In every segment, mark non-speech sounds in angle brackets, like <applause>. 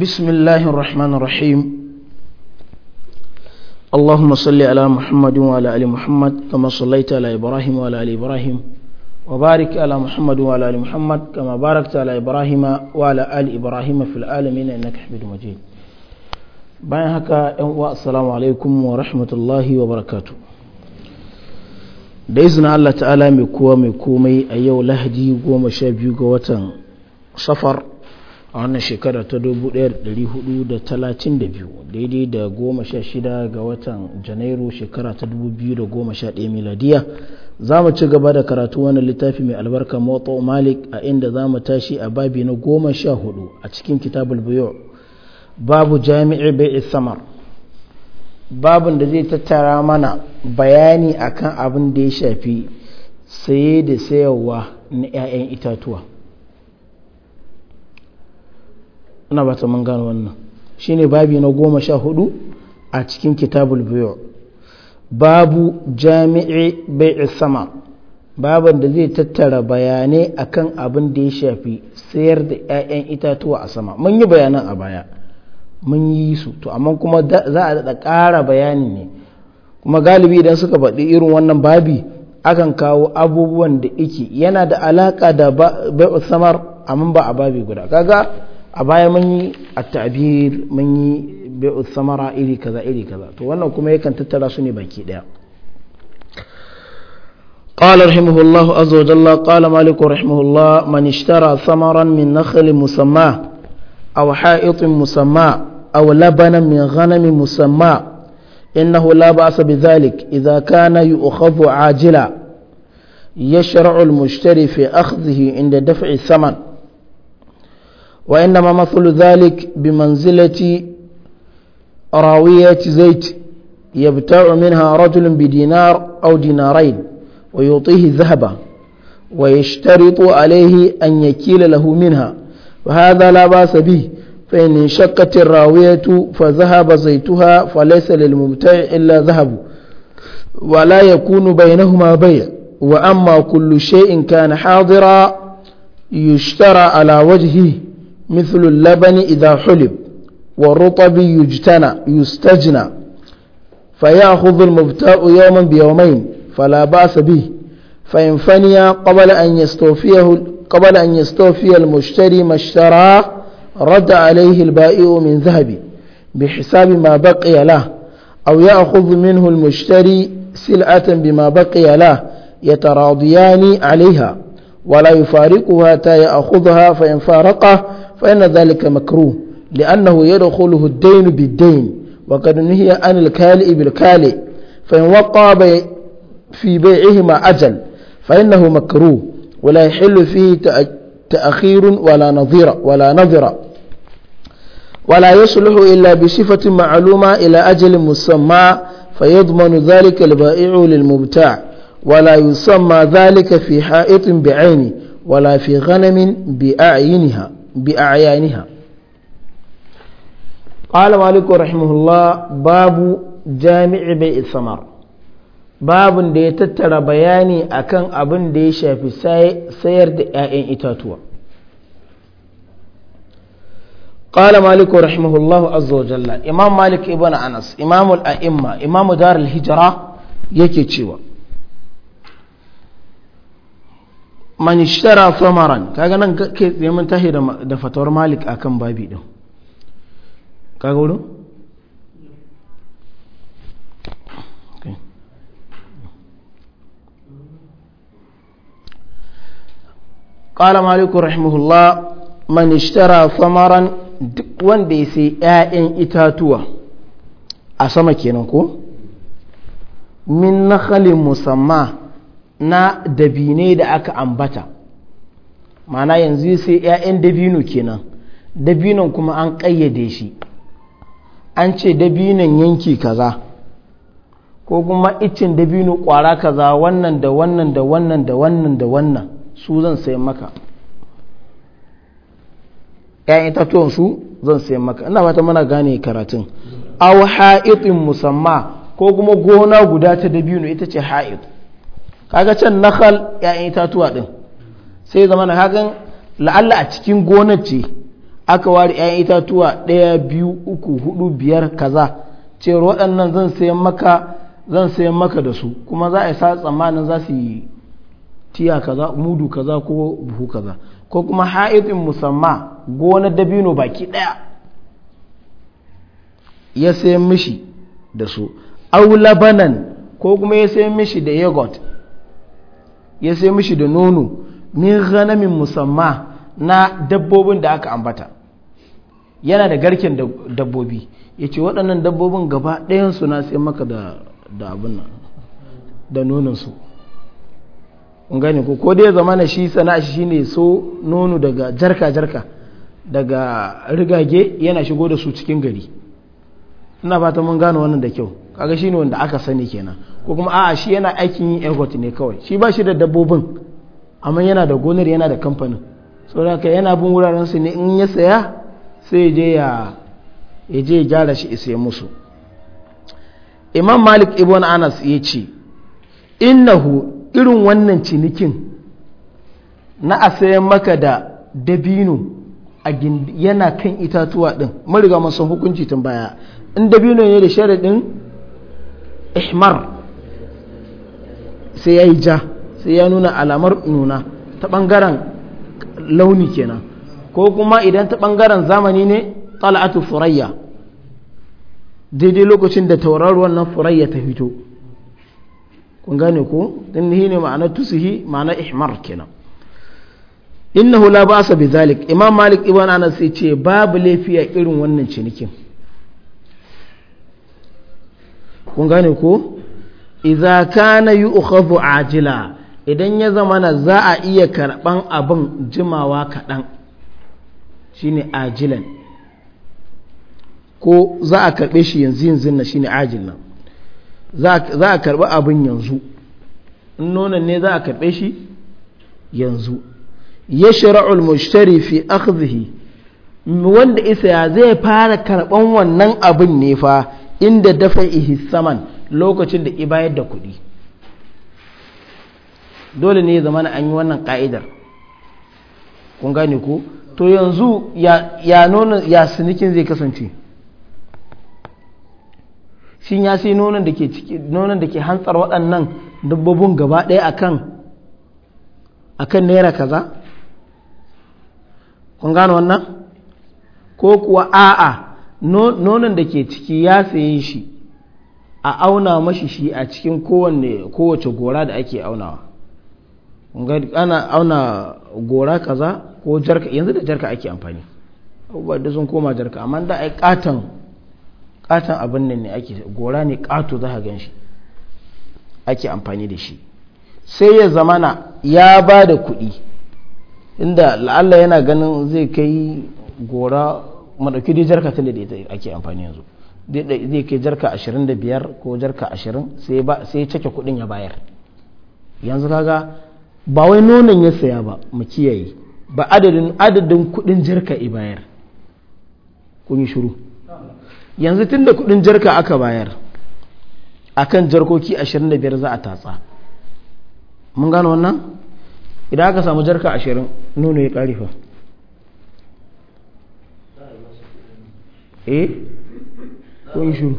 بسم الله الرحمن الرحيم اللهم صل على محمد وعلى ال محمد كما صليت على ابراهيم وعلى ال ابراهيم وبارك على محمد وعلى ال محمد كما باركت على ابراهيم وعلى ال ابراهيم في العالمين انك حميد مجيد باين هكا السلام عليكم ورحمه الله وبركاته da izinin Allah ta'ala mai kowa mai komai a yau lahadi goma sha biyu ga watan safar a wannan shekara ta biyu daidai da 16 ga watan janairu shekara ta 2011 miladiya za mu ci gaba da karatu wannan littafi mai albarka moto malik a inda za mu tashi a babi na hudu a cikin kitabul biyu babu jami'i bai isamar babin da zai tattara mana bayani akan abin da ya shafi saye da sayarwa na 'ya'yan itatuwa ina ba ta mun gano wannan shi ne babi na goma sha hudu a cikin kitabul biyu babu jami'i bai sama baban da zai tattara bayanai kan abin da ya shafi sayar da 'ya'yan itatuwa a sama mun yi bayanan a baya mun yi su to amma kuma za a daɗa ƙara bayani ne kuma galibi idan suka faɗi irin wannan babi akan kawo abubuwan da iki yana da alaƙa da bai'u samar amma ba a babi guda kaga a baya mun yi at-ta'bir mun yi bai'u samara iri kaza iri kaza to wannan kuma yakan tattara su ne baki daya قال رحمه الله عز وجل قال مالك رحمه الله من اشترى ثمرا من نخل مسمى أو حائط مسمى أو لبنا من غنم مسمى إنه لا بأس بذلك إذا كان يؤخذ عاجلا يشرع المشتري في أخذه عند دفع الثمن وإنما مثل ذلك بمنزلة راوية زيت يبتاع منها رجل بدينار أو دينارين ويعطيه ذهبا ويشترط عليه أن يكيل له منها وهذا لا بأس به فإن انشقت الراوية فذهب زيتها فليس للمبتاع إلا ذهب ولا يكون بينهما بيع وأما كل شيء كان حاضرا يشترى على وجهه مثل اللبن إذا حلب والرطب يجتنى يستجنى فيأخذ المبتاء يوما بيومين فلا بأس به فإن فني قبل أن يستوفيه قبل أن يستوفي المشتري ما اشتراه رد عليه البائع من ذهب بحساب ما بقي له أو يأخذ منه المشتري سلعة بما بقي له يتراضيان عليها ولا يفارقها حتى يأخذها فإن فارقه فإن ذلك مكروه لأنه يدخله الدين بالدين وقد نهي عن الكالئ بالكالئ فإن وقع في بيعهما أجل فإنه مكروه ولا يحل فيه تأخير ولا نظير ولا نظر ولا يصلح إلا بصفة معلومة إلى أجل مسمى فيضمن ذلك البائع للمبتاع ولا يسمى ذلك في حائط بعينه ولا في غنم بأعينها بأعيانها قال مالك رحمه الله باب جامع بيع الثمر babin da ya tattara bayani akan abin da ya shafi sayar da 'ya'yan itatuwa قال مالك رحمه الله عز وجل إمام مالك ابن أنس إمام الأئمة إمام دار الهجرة يكي man ishtara samaran kaga nan kake neman tahi da fatawar malik akan babi din kaga wurin قال مالك رحمه الله من اشترى ثمرا duk wanda ya sai 'ya'yan itatuwa a sama kenan ko min nakhalin musamma na dabine da aka ambata mana yanzu sai 'ya'yan dabino kenan dabinon kuma an ƙayyade shi an ce dabinon yanki kaza ko kuma icin dabino ƙwara kaza wannan da wannan da wannan da wannan da wannan su zan sai maka 'ya'yan itatuwan su zan sai maka ina fata mana gane karatun Au ha'itin musamma ko kuma gona guda ta dabino ita ce ha'it kaga can nakhal ya'yan itatuwa din sai zama na hagan la'alla a cikin gonar ce aka ware ya'yan itatuwa ɗaya biyu uku hudu biyar kaza cewar waɗannan zan sayan maka zan sayan maka da su kuma za a yi sa tsammanin za su yi tiya kaza mudu kaza ko buhu kaza ko kuma ha'ifin musamma gona dabino baki ɗaya ya sayan mishi da su aulabanan ko kuma ya sayan mishi da yogurt ya sai mishi da nono min ghanamin musamma na dabbobin da aka ambata yana da garken dabbobi ya ce waɗannan dabbobin gaba ɗayansu na sai maka da abin nan da gani ko dai zama na shi sana shi ne so nono daga jarka-jarka daga rigage yana shigo da su cikin gari ina fata mun gano wannan da kyau kaga shine wanda aka sani kenan ko kuma a'a shi yana aikin yin airport ne kawai shi ba shi da dabbobin amma yana da gonar yana da kamfanin saboda ka yana bin wuraren su ne in ya saya sai je ya ya je ya gyara shi isa musu imam malik ibn anas ya ce innahu irin wannan cinikin na a sayan maka da dabino yana kan itatuwa din mun riga mun san hukunci tun baya in dabino ne da sharadin ihmar sai ya yi ja sai ya nuna alamar nuna ta ɓangaren launi kenan ko kuma idan ta ɓangaren zamani ne tsala'atu furayya daidai lokacin da taurar wannan furayya ta fito kun gane ko din ni ne ma'ana tusihi ma'ana ihmar kenan innahu la ba'sa bi zalik imam malik ibn anas sai ce babu lafiya irin wannan cinikin kun gane ko idza kana yu'khadhu ajila idan ya zama na za a iya karban abin jimawa kaɗan shine ajilan ko za a karɓe shi yanzu yanzu na shine ajil nan za a karɓi abin yanzu in nono ne za a karɓe shi yanzu ya shara'ul mushtari fi akhdhihi wanda isa ya zai fara karɓan wannan abin ne fa inda dafa ihi saman lokacin da i bayar da kuɗi dole ne zamana an yi wannan ka'idar kun gane ko to yanzu ya nuna ya sinikin zai kasance shi ya sai nonon da ke hantsar waɗannan dabbobin gaba ɗaya akan kan naira kaza kun gane wannan ko kuwa a'a nonon da ke ciki ya saye shi a auna mashi shi a cikin kowanne kowace gora da ake aunawa ana auna gora kaza ko jarka yanzu da jarka ake amfani abubuwa da sun koma jarka amma da yi katon katon abin nan ne ake gora ne kato za a gan shi ake amfani da shi sai ya zamana ya ba da kuɗi inda la'alla yana ganin zai kai gora madauki da jarka tun da ake amfani yanzu zai kai jarka 25 ko jarka 20 sai ba sai cike kudin ya bayar yanzu kaga ba wai nonon ya saya ba mu kiyaye ba adadin adadin kudin jarka i bayar kun yi shiru yanzu tunda kudin jarka aka bayar akan jarkoki 25 za a tatsa mun gano wannan idan aka samu jarka 20 nono ya karifa eh kun in shuru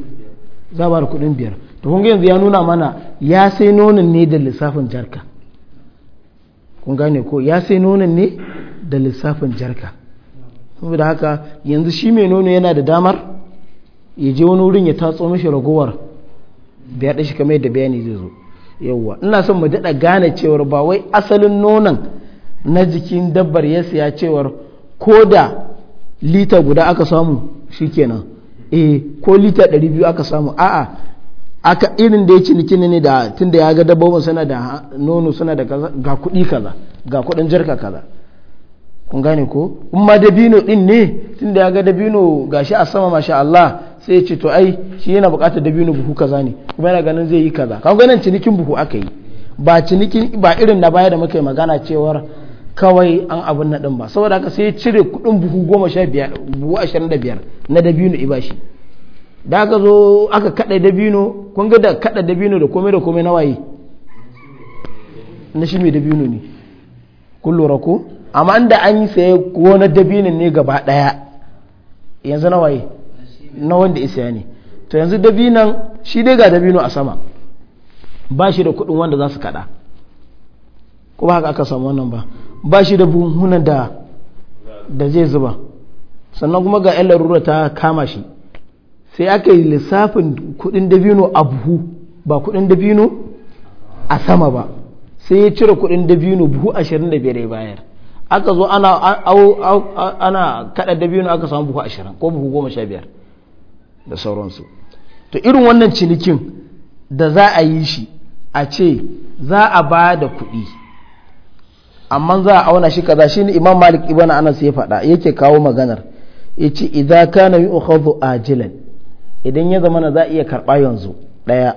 za ba da kuɗin biyar to kun yanzu ya nuna mana ya sai nonon ne da lissafin jarka kun gane ko ya sai nonon ne da lissafin jarka saboda haka yanzu shi mai nono yana da damar ya je wani wurin ya tatso mishi ragowar biya da shi kamar yadda bayani zai zo yawwa ina son mu daɗa gane cewar ba wai asalin nonon na jikin dabbar ya siya cewar ko da lita guda aka samu shi shikenan eh ko lita 200 aka samu a'a aka irin da ya ciniki ne da tun da ya ga dabbobin suna da nono suna da kaza ga kuɗi kaza ga kuɗin jarka kaza kun gane ko in ma dabino din ne tun da ya ga dabino gashi a sama masha Allah sai ya ce to ai shi yana buƙatar dabino buhu kaza ne kuma yana ganin zai yi kaza ka ganin cinikin buhu aka yi ba cinikin ba irin na baya da muka yi magana cewar kawai an abin na ɗin ba saboda haka sai cire kuɗin buhu goma sha biyar buhu ashirin da biyar na dabino ibashi da aka zo aka kaɗa dabino kun ga da kaɗa dabino da komai da komai na waye na shi mai dabino ne kun lura ko amma da an yi saye na dabino ne gaba ɗaya yanzu na waye na wanda isa ne to yanzu dabinan shi dai ga dabino a sama ba shi da kuɗin wanda za su kaɗa ko ba haka aka samu wannan ba ba shi da buhuna da da zai zuba sannan kuma ga yan larura ta kama shi sai aka yi lissafin kudin dabino a buhu ba kudin dabino a sama ba sai ya cire kudin dabino buhu 25 ya bayar aka zo ana ana kada dabino aka samu buhu 20 ko buhu 15 da sauransu to irin wannan cinikin da za a yi shi a ce za a ba da kuɗi amma za a auna shi kaza shine imam malik ibn anas ya faɗa yake kawo maganar yace idza kana yu'khadhu ajilan idan ya zama na za a iya karba yanzu daya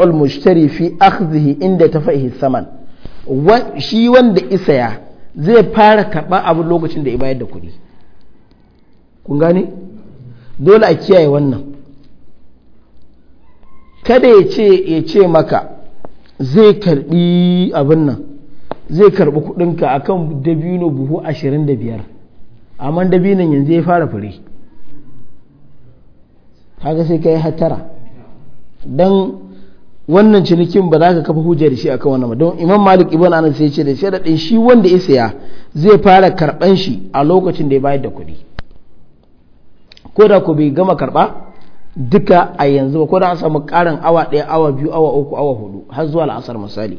al mushtari fi akhdhihi inda tafaihi saman shi wanda isa ya zai fara karba abin lokacin da ya bayar da kuɗi kun gane dole a kiyaye wannan kada ya ce maka zai karɓi abin nan zai karɓi kuɗinka a kan dabino buhu ashirin da biyar amma dabinon yanzu ya fara fure haka sai ka yi hatara don wannan cinikin ba za ka kafa hujja da shi akan wannan ba don imam malik ibn anas sai ce da sharaɗin shi wanda ya saya zai fara karɓan shi a lokacin da ya bayar da kuɗi ko da ku bai gama karɓa duka a yanzu ba ko da an samu ƙarin awa ɗaya awa biyu awa uku awa hudu har zuwa la'asar misali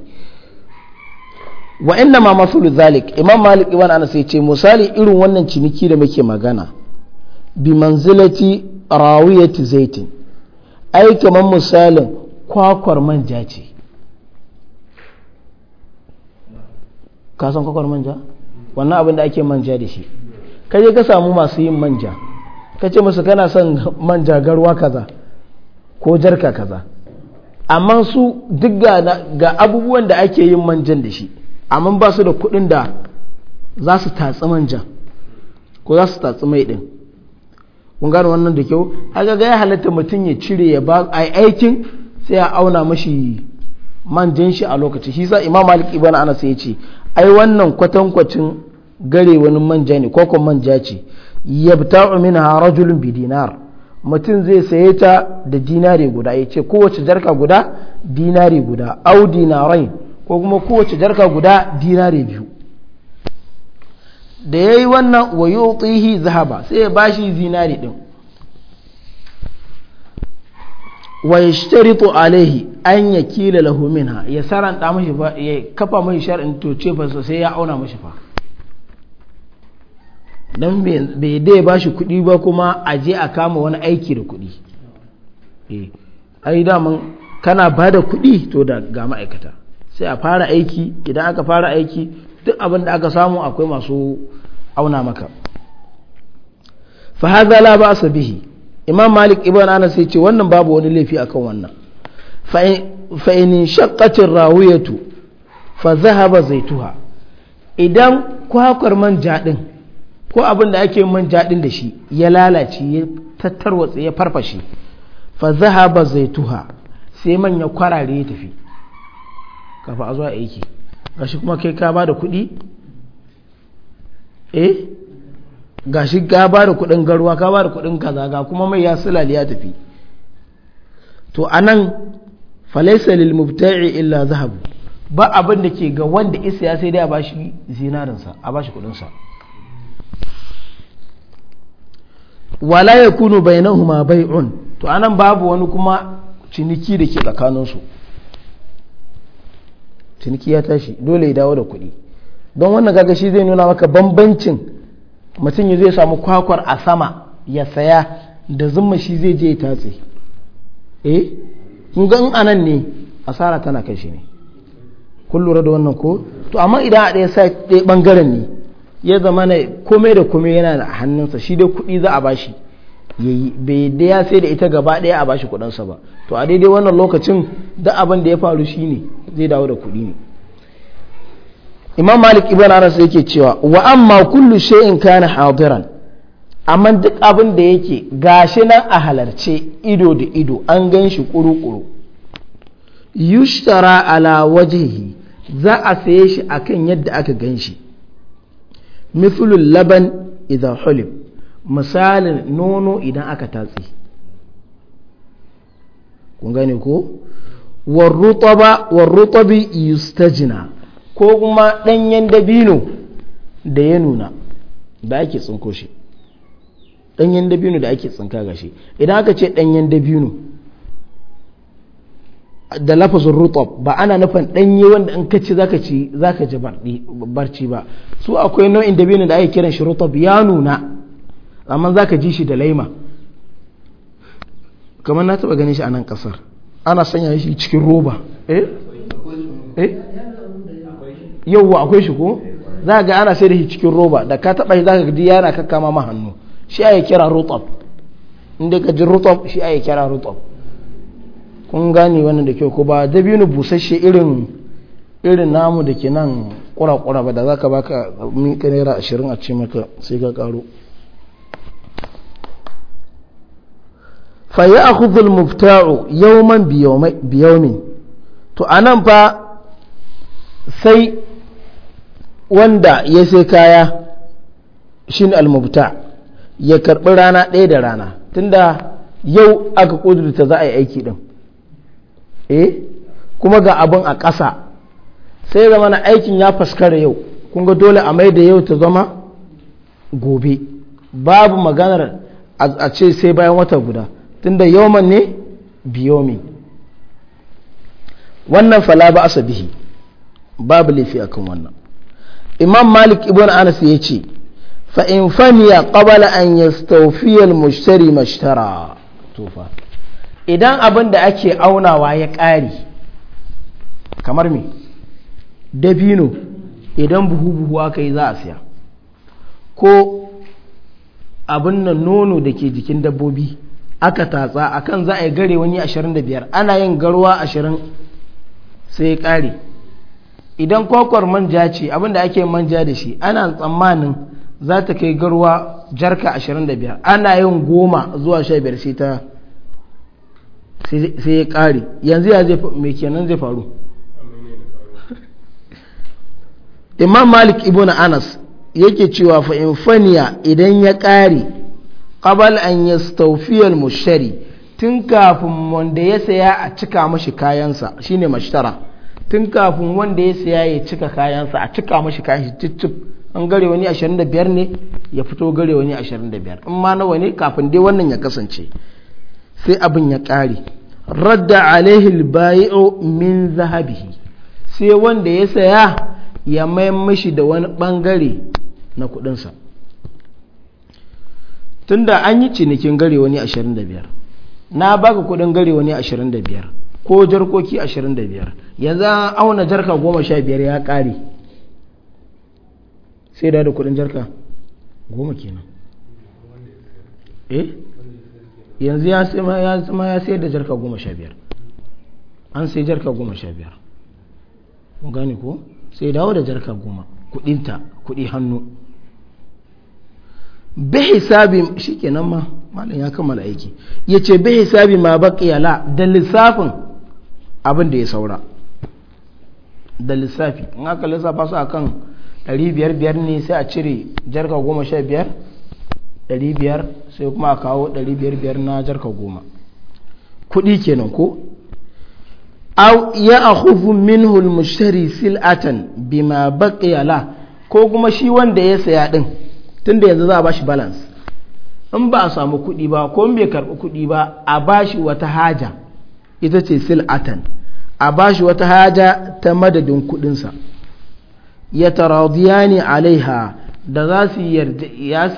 wa inna ma masulu zalik imam malik ibn anas ya ce misali irin wannan ciniki da muke magana bi manzilati rawiyati zaitin ai kamar misalin kwakwar manja ce ka san kwakwar manja wannan abin da ake manja da shi ka ka samu masu yin manja ka ce musu kana son manja garwa kaza ko jarka kaza amma su duk ga abubuwan da ake yin manjan da shi amma ba su da kuɗin da za su tatsi manja ko za su tatsi mai ɗin kun gane wannan da kyau aga ga ya halatta mutum ya cire ya ba a aikin sai ya auna mashi manjan shi a lokaci shi sa imam malik ibn anas ya ce ai wannan kwatankwacin gare wani manja ne kokon manja ce yabta'u minha rajulun bi dinar mutum zai saye ta da dinari guda ya ce kowace jarka guda dinari guda au dinarain ko kuma kowace jarka guda dinare biyu da ya yi wannan wa yutihi zahaba sai ya bashi zinari din wa yashtaritu alaihi an kila lahumin ha ya saranta mashi ba ya kafa mashi shari'in to ce fa sai ya auna mashi fa don bai dai ba shi kuɗi ba kuma a je a kama wani aiki da kuɗi eh, ai daman kana bada kuɗi to da ga ma'aikata sai a fara aiki idan aka fara aiki duk abin da aka samu akwai masu auna maka fa hadha la ba'sa bihi imam malik ibn anas sai ce wannan babu wani laifi akan wannan fa in shaqqat rawiyatu fa zahaba zaituha idan kwakwar manja din ko abin da ake manja din da shi ya lalace ya tattarwatsa ya farfashe fa zahaba zaituha sai manya kwarare ya tafi kafa a zuwa aiki gashi kuma kai ka ba da eh gashi ka ba da garuwa ka ba da kaza ga kuma mai ya sulali ya tafi to anan falaisa lil mubta'i illa zahab ba abin da ke ga wanda isa ya sai dai a bashi zinarinsa a bashi sa wala yakunu bainahuma bai'un to anan babu wani kuma ciniki da ke tsakaninsu ciniki ya tashi dole ya dawo da kuɗi don wannan kaga shi zai nuna maka bambancin mutum ya zai samu kwakwar a sama ya saya da zumma shi zai je ya tatse eh kun ga in anan ne asara tana kashi ne kun lura da wannan ko to amma idan a ɗaya sai ɗaya bangaren ne ya zama na komai da komai yana da hannunsa shi dai kuɗi za a bashi yayi bai da ya sai da ita gaba ɗaya a bashi kuɗinsa ba to a daidai wannan lokacin da abin da ya faru shine zai dawo da kuɗi ne imam malik ibn anas yake cewa wa amma kullu shay'in kana hadiran amma duk abin da yake gashi nan a halarce ido da ido an gan shi kuru-kuru yushtara ala wajhihi za a saye shi akan yadda aka gan shi mithlul laban idan hulib misalin nono idan aka tatsi kun gane ko warrutabi yustajina ko kuma danyen dabino da ya nuna da ake tsinko shi danyen dabino da ake tsinka ga idan aka ce danyen dabino da lafazin rutab ba ana nufin ɗanye wanda in ka ci zaka ci zaka ji barci ba su akwai nau'in dabino da ake kiran shi rutab ya nuna amma zaka ji shi da laima kamar na taba ganin shi a nan kasar. ana sanya shi cikin roba eh eh akwai shi ko za ga ana sai da shi cikin roba da ka taba shi za ka gidi yana kakka ma hannu shi ake kira rutab inda ka ji rutab shi ake kira rutab kun gane wani da kyau ko ba dabino busasshe irin irin namu da ke nan kura-kura ba da za ka baka mika naira ashirin a ce maka sai ka karo fa a akhudhul mubta'u yawman bi min to nan fa sai wanda ya sai kaya shin almubta ya karɓi rana ɗaya da rana tunda yau aka ƙudurta za a yi aiki ɗin eh kuma ga abin a ƙasa sai zama na aikin ya faskara yau kun ga dole a mai da yau ta zama gobe babu maganar a ce sai bayan wata guda tunda yawman ne biyomi wannan fala ba asa bihi babu laifi akan wannan imam malik ibn anas ya ce fa in faniya qabala an yastawfiya al-mushtari mashtara tufa idan abin da ake aunawa ya ƙare kamar me dabino idan buhu-buhu aka za a siya ko abin nan nono da ke jikin dabbobi aka tatsa akan za a yi gare wani 25 ana yin garwa 20 sai ya kare idan kwakwar manja ce abinda ake manja da shi ana tsammanin za ta kai garwa jarka 25 ana yin goma zuwa 15 sai ta sai ya kare yanzu ya zai mai kenan zai faru imam malik ibn anas yake cewa fa'in faniya idan ya kare qabal an yastawfiyal mushtari tun kafin wanda ya saya a cika mashi kayansa shine mashtara tun kafin wanda ya saya ya cika kayansa a cika mashi kayan shi an gare wani 25 ne ya fito gare wani 25 in ma nawa ne kafin dai wannan ya kasance sai abin ya ƙare radda alaihi bayi'u min zahabihi sai wanda ya saya ya mai mashi da wani bangare na kudinsa tunda an yi cinikin gare wani 25 na baka kudin gare wani 25 ko jarkoki 25 yanzu an auna jarka 15 ya kare sai da da kudin jarka 10 kenan eh yanzu ya zama ya sai da jarka 15 an sai jarka 15 mun gane ko sai dawo da jarka 10 kudinta kudi hannu bi hisabi shikenan ma malam ya kammala aiki yace bi hisabi ma baqiya la da lissafin abin da ya saura da lissafi in aka lissafa su akan 500 ne sai a cire jarka 15 500 sai kuma a kawo 500 na jarka 10 kudi kenan ko aw ya akhufu minhu al-mushtari sil'atan bima baqiya la ko kuma shi wanda ya saya din tun da yanzu za a bashi balance in ba a samu kuɗi ba ko bai karɓi kuɗi ba a bashi wata haja ita ce sil'atan a bashi wata haja ta madadin kuɗinsa ya ne alaiha da za su ya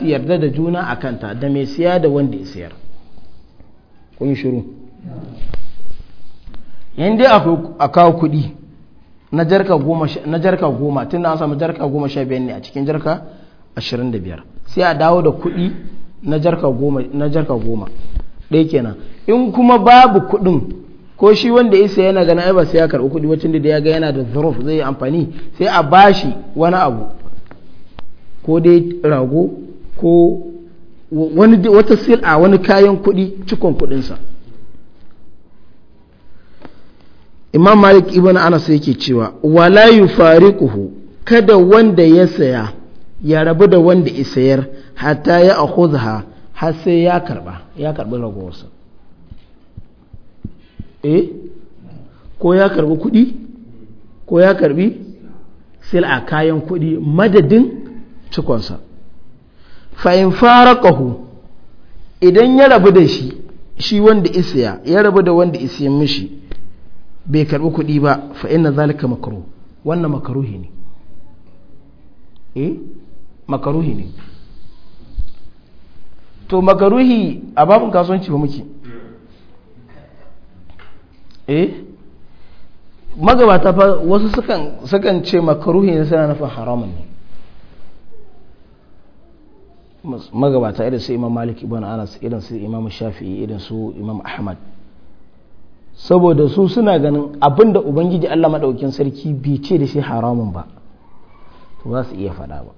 yarda da juna a kanta da mai siya da wanda ya siyar kun shiru dai a kawo kuɗi na jarka goma tun da an samu jarka goma sha biyar ne a cikin jarka 25 sai a dawo da kuɗi na jarka goma ɗaya kenan in kuma babu kuɗin ko shi wanda isa yana gana ai ba sai ya karɓi kuɗi wacin da ya ga yana da zurof zai yi amfani sai a bashi wani abu ko dai rago ko wata wata sil'a wani kayan kuɗi cikon kuɗinsa imam malik ibn anas yake cewa wala yufariquhu kada wanda ya saya ya rabu da wanda isayar hatta ya akhudha har sai ya karba ya karbi ragowarsa eh ko ya karbi kudi ko ya karbi sil'a kayan kudi madadin cikonsa fa'in fara idan ya rabu da shi shi wanda isaya ya rabu da wanda isiyan mishi bai karbi kuɗi ba fa'in na zalika makaru wannan makaruhi ne eh makaruhi ne to makaruhi a babin kasuwanci ba muke eh magabata fa wasu sukan sukan ce makaruhi ne suna nufin haramun ne magabata irin su imam malik ibn anas irin su imam shafi'i irin su imam ahmad saboda su suna ganin abinda ubangiji allah maɗaukin sarki bai ce da shi haramun ba to za su iya faɗa ba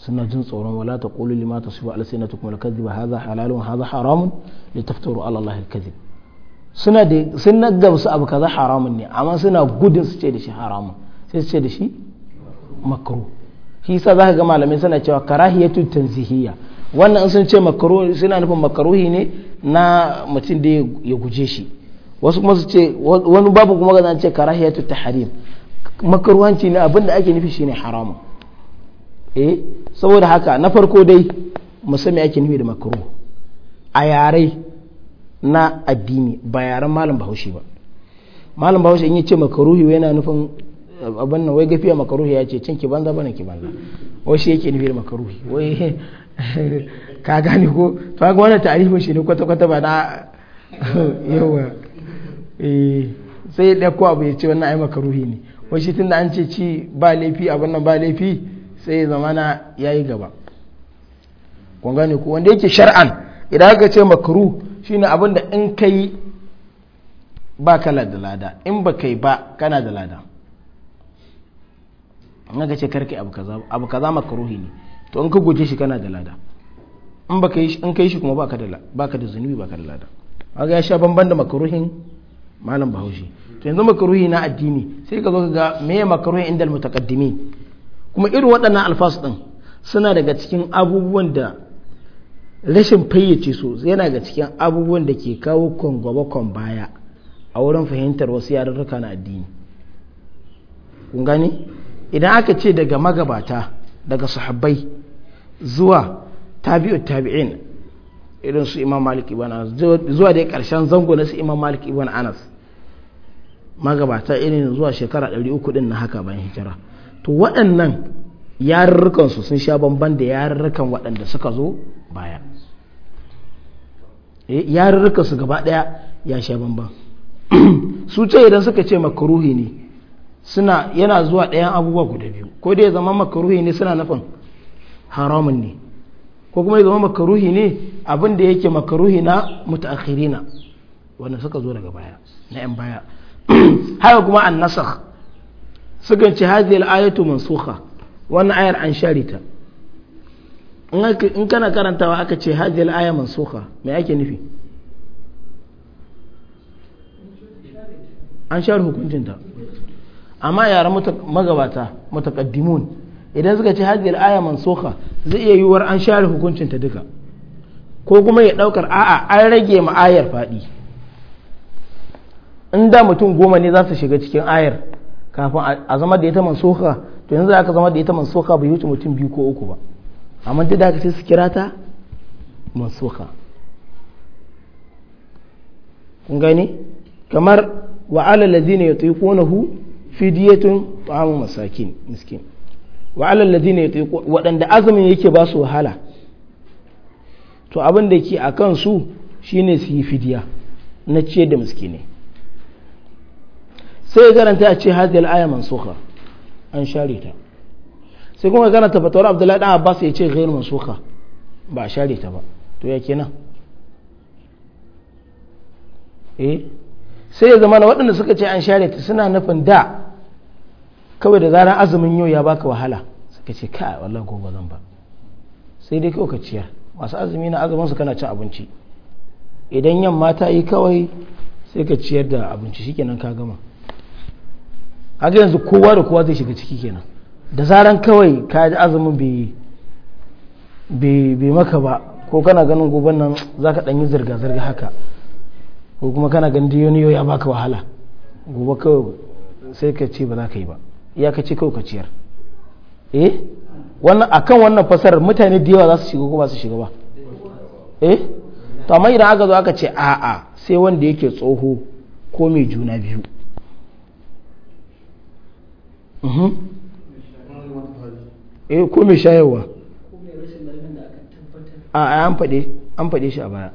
suna jin tsoron wala ta qulu lima tasifu ba haza halalu wa haza haramun litaftaru ala allahi kazi suna da sun gamsu abu kaza haramun ne amma suna gudun su ce da shi haramun sai su ce da shi makruh shi yasa zaka ga malamai suna cewa karahiyatu tanzihiyya wannan sun ce makaruhi suna nufin makaruhi ne na mutum da ya guje shi wasu kuma su ce wani babu kuma ga zan ce karahiyatu tahrim makaruhanci ne abinda ake nufi shine haramun eh saboda haka na farko dai musamman ake nufi da makaro a yare na addini ba yaren malam bahaushe ba malam bahaushe in ce makaruhi yana nufin abin nan wai gafiya makaruhi ya ce cin ki banza bana ki banza wai shi yake nufi da makaruhi wai <laughs> ka gane ko to ga wannan tarihin shi ne kwata kwata ba na <laughs> yawa eh sai ya ko abu ya ce wannan ai makaruhi ne wai shi tunda an ce ci ba laifi abin nan ba laifi sai ya zamana ya yi gaba kun gane ku wanda yake shar'an idan aka ce makaru shine abin da in kai ba kala da lada in ba kai ba kana da lada in aka ce karki abu kaza abu kaza makruhi ne to in ka guje shi kana da lada in ba kai in yi shi kuma ba da da zunubi ba ka da lada kaga ya sha bamban da makruhin malam bahaushe to yanzu makaruhi na addini sai ka zo ka ga me makruhi indal mutaqaddimin kuma irin waɗannan alfasu ɗin suna daga cikin abubuwan da rashin fayyace su yana ga cikin abubuwan da ke kawo kwangwabakon baya a wurin fahimtar wasu yarurruka na addini kun gani idan aka ce daga magabata daga sahabbai zuwa tabi'u tabi'in irin su imam malik ibn anas zuwa dai karshen zango na su imam malik ibn anas magabata irin zuwa shekara 300 din na haka bayan hijira to waɗannan yarurrukan su sun sha bamban da yarurrukan waɗanda suka zo baya eh, yarurrukan su gaba ɗaya ya sha bamban <clears throat> su ce idan suka ce makaruhi ne suna yana zuwa ɗayan abubuwa guda biyu ko dai zama makaruhi ne suna nufin haramun ne ko kuma ya zama makaruhi ne abin da yake makaruhi na mutakhirina wanda suka zo daga baya na 'yan baya <clears throat> haka kuma an nasar. sukan ce hadhihi al-ayatu mansukha wannan ayar an share ta in kana karantawa aka ce hadhihi al-aya mansukha me ake nufi an share hukuncin ta amma yaran magabata mutaqaddimun idan suka ce hadhihi al-aya mansukha zai iya yiwuwar an share hukuncin ta duka ko kuma ya daukar a'a an rage ma ayar fadi in da mutum goma ne za su shiga cikin ayar kafin a zama da ita mansuha to yanzu aka zama da ita mansuha bai wuce mutum biyu ko uku ba amma duk da aka ce su kira ta mansuha kun gani kamar wa ala ladina yutiqunahu fidyatun ta'amun masakin miskin wa ala ya yutiqu waɗanda azumin yake ba su wahala to abin da ke kan su shine su yi fidiya na ce da miskine sai ya karanta a ce hadhihi al-aya mansukha an share ta sai kuma karanta fatawar Abdullahi dan Abbas ya ce ghayr mansukha ba a share ta ba to ya kenan eh sai ya zama na waɗanda suka ce an share ta suna nufin da kawai da zaran azumin yau ya baka wahala suka ce kai wallahi ba zan ba sai dai kawai ka ciyar masu azumi na azumin su kana cin abinci idan yamma ta yi kawai sai ka ciyar da abinci shikenan ka gama haka yanzu kowa da kowa zai shiga ciki kenan da zaran kawai ka yi azumin bai maka ba ko kana ganin gobe nan za ka ɗanyi zirga-zirga haka ko kuma kana ganin diyoniyo ya baka wahala gobe kawai sai ka ce ba za ka yi ba ya ka ce kawai ka ciyar eh wannan akan wannan fasar mutane da yawa za su shiga ko ba su shiga ba eh to amma idan aka zo aka ce a'a sai wanda yake tsoho ko mai juna biyu eh ko mai shayarwa a an faɗe an faɗe shi a baya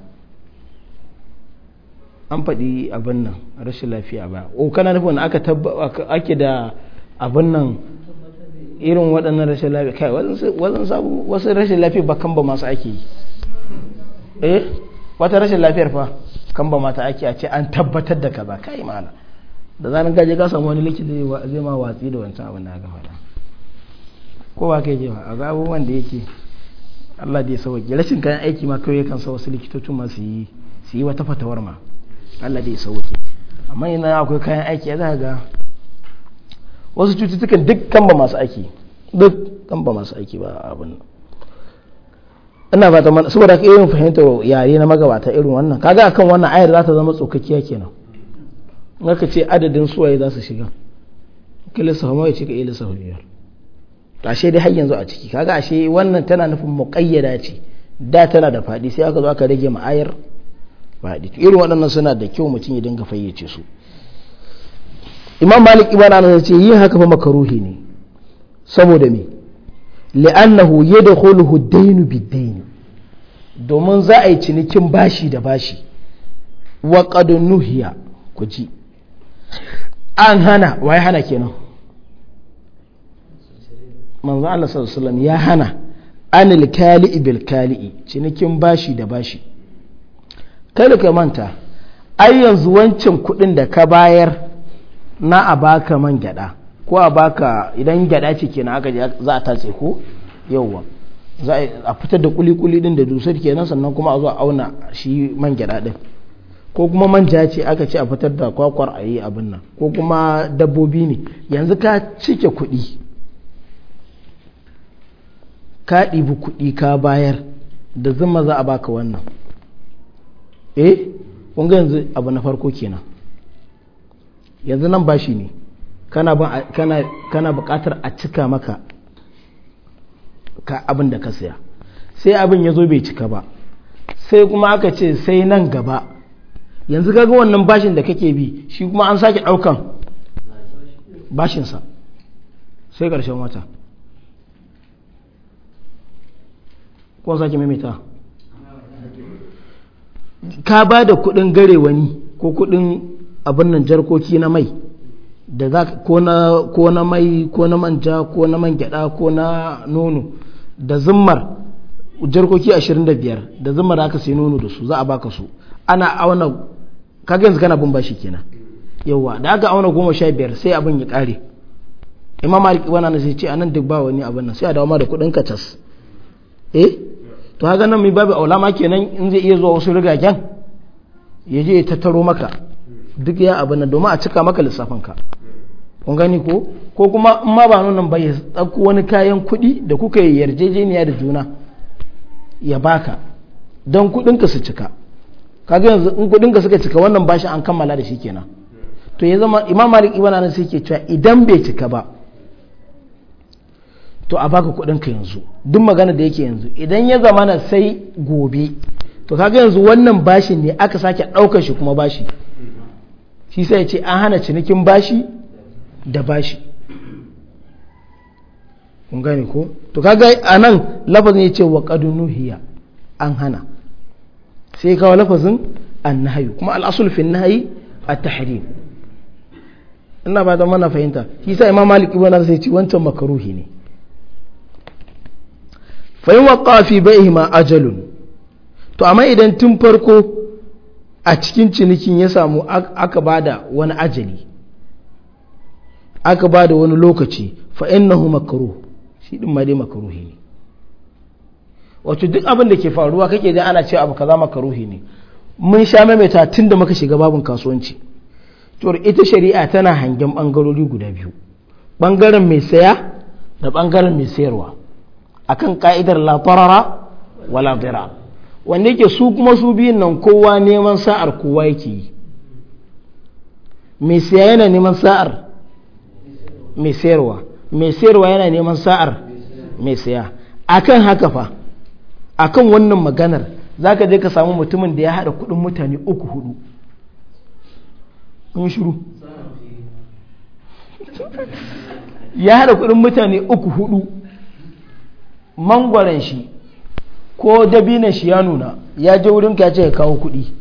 an faɗi abin nan rashin lafiya a baya o kana nufin aka ake da abin nan irin waɗannan rashin lafiya kai wasu rashin lafiya ba kan ba masu ake yi eh wata rashin lafiyar fa kan ba mata ake a ce an tabbatar da kaza kai ma'ana. da zanen gaje ga ka samu wani likita zai ma watsi da wancan abin da aka faɗa ko ba kai jewa a ga wanda yake Allah da ya sauke rashin kayan aiki ma kawai kan sa wasu likitocin ma su yi su yi wata fatawar ma Allah da ya sauke amma ina akwai kayan aiki ya zaga. ga wasu cututtukan duk kan ba masu aiki duk kan ba masu aiki ba abin ina fata ta saboda ka irin fahimta yare na magabata irin wannan kaga akan wannan ayar za ta zama tsokakkiya kenan naka ce adadin suwaye za su shiga ka lissafa ya ce ka iya lissafa biyar to ashe dai har yanzu a ciki kaga ashe wannan tana nufin muƙayyada ce da tana da faɗi sai aka zo aka rage ma'ayar faɗi irin waɗannan suna da kyau mutum ya dinga fayyace su imam malik ibn anas ya ce yin haka fa makaruhi ne saboda me li'annahu yadkhuluhu ad-dayn bid-dayn domin za a yi cinikin bashi da bashi wa qad nuhiya ku ji an hana ya hana kenan manzo Allah sallallahu alaihi ya hana anil kali'i bil kali'i cinikin bashi da bashi kada ka manta ai yanzu wancan kuɗin da ka bayar na a baka man gyada ko a baka idan gyada ce kenan aka za a tace ko yawwa za a fitar da kuli-kuli din da dusar kenan sannan kuma a zo a auna shi man gyada din ko kuma manja ce aka ce a fitar da kwakwar a yi abin nan ko kuma dabbobi ne yanzu ka cike kuɗi ka ɗibi kuɗi ka bayar da zuma za a baka wannan eh kunga yanzu abu na farko kenan yanzu nan bashi ne kana buƙatar a cika maka ka abin da ka saya sai abin ya zo bai cika ba sai kuma aka ce sai nan gaba yanzu gaga wannan bashin da kake bi shi kuma an sake ɗaukan bashinsa sai ƙarshen wata ko sake maimaita ka ba da kuɗin gare wani ko kuɗin abin nan jarkoki na mai da za ko na mai ko na manja ko na man gyada ko na nono da zimmar jarkoki 25 da zimmar aka sai nono da su za a baka su ana auna kaga yanzu kana bin bashi kenan yawa da aka auna goma sha biyar sai abin ya kare imam malik ibn zai ce anan duk ba wani abin nan sai a dawo ma da kudin tas. eh to haka nan mai babu aulama kenan in zai iya zuwa wasu rigagen ya je ya tattaro maka duk ya abin nan domin a cika maka lissafin ka kun gani ko ko kuma in ma ba nan ba ya wani kayan kuɗi da kuka yi yarjejeniya da juna ya baka don kuɗinka su cika kaga yanzu in kudin ka suka cika wannan bashi an kammala da shi kenan to ya zama imam malik ibn anas ke cewa idan bai cika ba to a baka kudin ka yanzu duk magana da yake yanzu idan ya zama na sai gobe to kaga yanzu wannan bashin ne aka sake daukar shi kuma bashi shi sai ya ce an hana cinikin bashi da bashi kun gane ko to kaga anan lafazin ya ce wa qad an hana sai kawo lafazin hayu kuma al'asul fi nahayi a tahrim ina ba da mana fahimta shi sa imam malik ibn sai ci wancan makaruhi ne fa in waqa fi ajalun to amma idan tun farko a cikin cinikin ya samu aka bada wani ajali aka da wani lokaci fa innahu makruh shi din ma dai makruhi ne wato duk abin da ke faruwa kake da ana cewa abu kaza ruhi ne mun sha maimaita tun da muka shiga babin kasuwanci to ita shari'a tana hangen bangarori guda biyu bangaren mai saya da bangaren mai sayarwa akan ka'idar la tarara wala dira wanda yake su kuma su biyun nan kowa neman sa'ar kowa yake yi mai saya yana neman sa'ar mai sayarwa mai sayarwa yana neman sa'ar mai saya akan haka fa akan wannan maganar za ka je ka samu mutumin da ya haɗa kuɗin mutane uku hudu in shiru ya haɗa kuɗin mutane uku hudu mangwaren shi ko dabinan shi ya nuna ya je wurin ka ce ya kawo kuɗi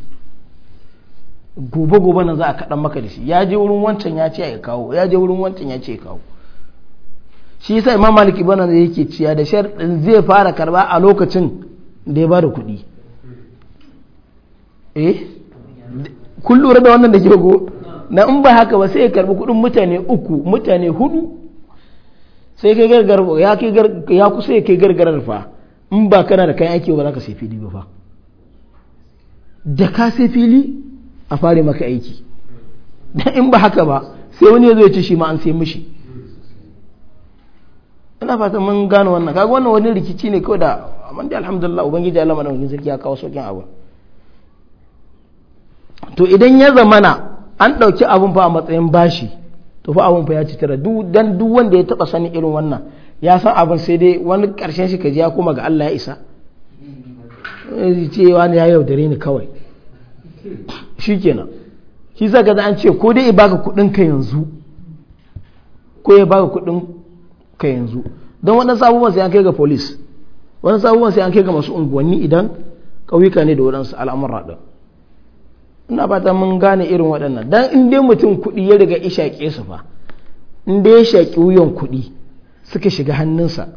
gobe-gobe nan za a kaɗan maka da shi ya je wurin wancan ya ce ya kawo ya je wurin wancan ya ce ya kawo shi yasa imam malik ibn da yake ciya da sharɗin zai fara karba a lokacin da ya bada kuɗi eh kun lura da wannan da ke go na in ba haka ba sai ya karbi kuɗin mutane uku mutane hudu sai kai gargar ya kai ya kusa ya kai gargarar fa in ba kana da kayan aiki ba za ka sai fili ba fa da ka sai fili a fare maka aiki <laughs> in ba haka ba sai wani ya zo ya ci shi ma an sai mishi ina fata mun gano wannan kaga wannan wani rikici ne kawai da amma dai alhamdulillah ubangiji Allah wani sarki ya kawo sokin abu to idan ya zamana an ɗauki abun fa a matsayin bashi to fa abun fa ya ci tara duk dan duk wanda ya taba sani irin wannan ya san abin sai dai wani karshen shi kaji ya koma ga Allah ya isa ce wani ya yaudare ni kawai shikenan shi zaka da an ce ko dai ya baka kudin ka yanzu ko ya baka kudin haka yanzu don wannan abubuwan sai an kai ga police wannan abubuwan sai an kai ga masu unguwanni idan ƙauyuka ne da waɗansu al'amura ɗin ina fata mun gane irin waɗannan don in dai mutum kuɗi ya riga ya shaƙe su fa in dai ya shaƙi wuyan kuɗi suka shiga hannunsa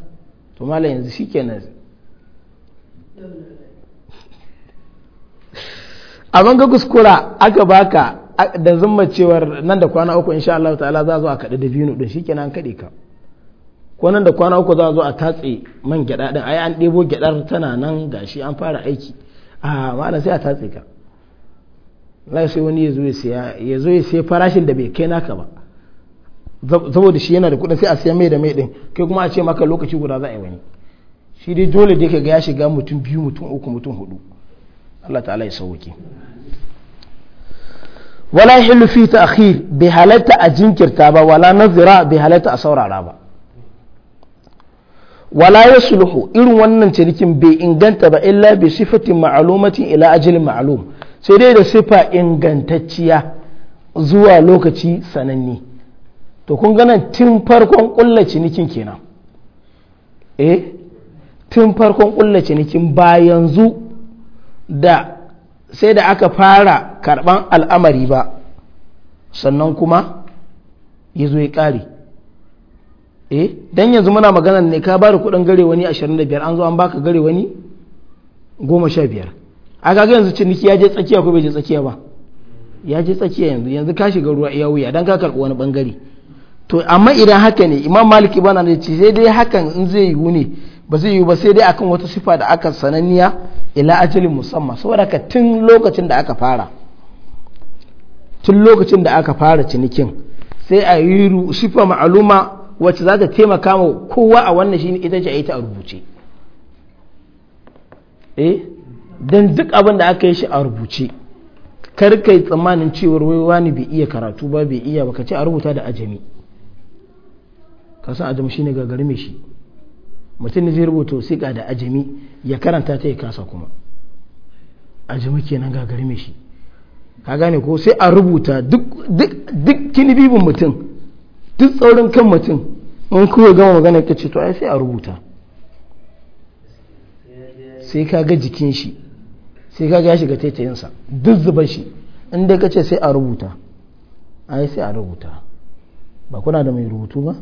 to malam yanzu shikenan a manga kuskura aka baka da zumma cewar nan da kwana uku insha Allah ta'ala za zo a kaɗi da biyu din shi kenan kaɗe ka ko da kwana uku za a zo a tatse man gyada din ai an debo gyadar tana nan gashi an fara aiki a malam sai a tatse ka lai sai wani ya ya siya ya sai farashin da bai kai naka ba saboda shi yana da kuɗin sai a siya mai da mai din kai kuma a ce maka lokaci guda za a yi wani shi dai dole dai ka ga ya shiga mutum biyu mutum uku mutum hudu Allah ta'ala ya sauke wala hillu fi ta'khir bi halatta a jinkirta ba wala nazira bi halatta a saurara ba wala ya sulhu irin wannan cinikin bai inganta ba illa bi sifatin ma'lumatin ila ajalin ma'lum sai dai da sifa ingantacciya zuwa lokaci sananne to kun ganan tun farkon kulla cinikin kenan eh tun farkon kulla cinikin ba yanzu da sai da aka fara karban al'amari ba sannan kuma ya zo ya kare. eh dan yanzu muna magana ne ka bada kudin gare wani 25 an zo an baka gare wani 15 a kaga yanzu ciniki ya je tsakiya ko bai je tsakiya ba ya je tsakiya yanzu yanzu ka shiga ruwa iya wuya dan ka karbi wani bangare to amma idan haka ne imam maliki bana da ce sai dai hakan in zai yiwu ne ba zai yiwu ba sai dai akan wata sifa da aka sananniya ila ajalin musamman saboda ka tun lokacin da aka fara tun lokacin da aka fara cinikin sai a yi sifa ma'aluma wacce za ta taimaka ma kowa a wannan ne ita ce a yi ta a rubuce eh don duk abin da aka yi shi a rubuce kar ka yi tsammanin cewar wai wani bai iya karatu ba bai iya ba ka ce a rubuta da ajami ka san ajami ne gagari mai shi mutum ne zai rubuta ga da ajami ya karanta ta ya kasa kuma ajami kenan gagari mai shi ka gane ko sai a rubuta duk kini bibin mutum duk tsaurin kan mutum in kuwa gama magana ka ce to ai sai a rubuta sai ka ga jikin shi sai ka ga shiga taitayinsa duk zuba shi in dai ka ce sai a rubuta ai sai a rubuta ba kuna da mai rubutu ba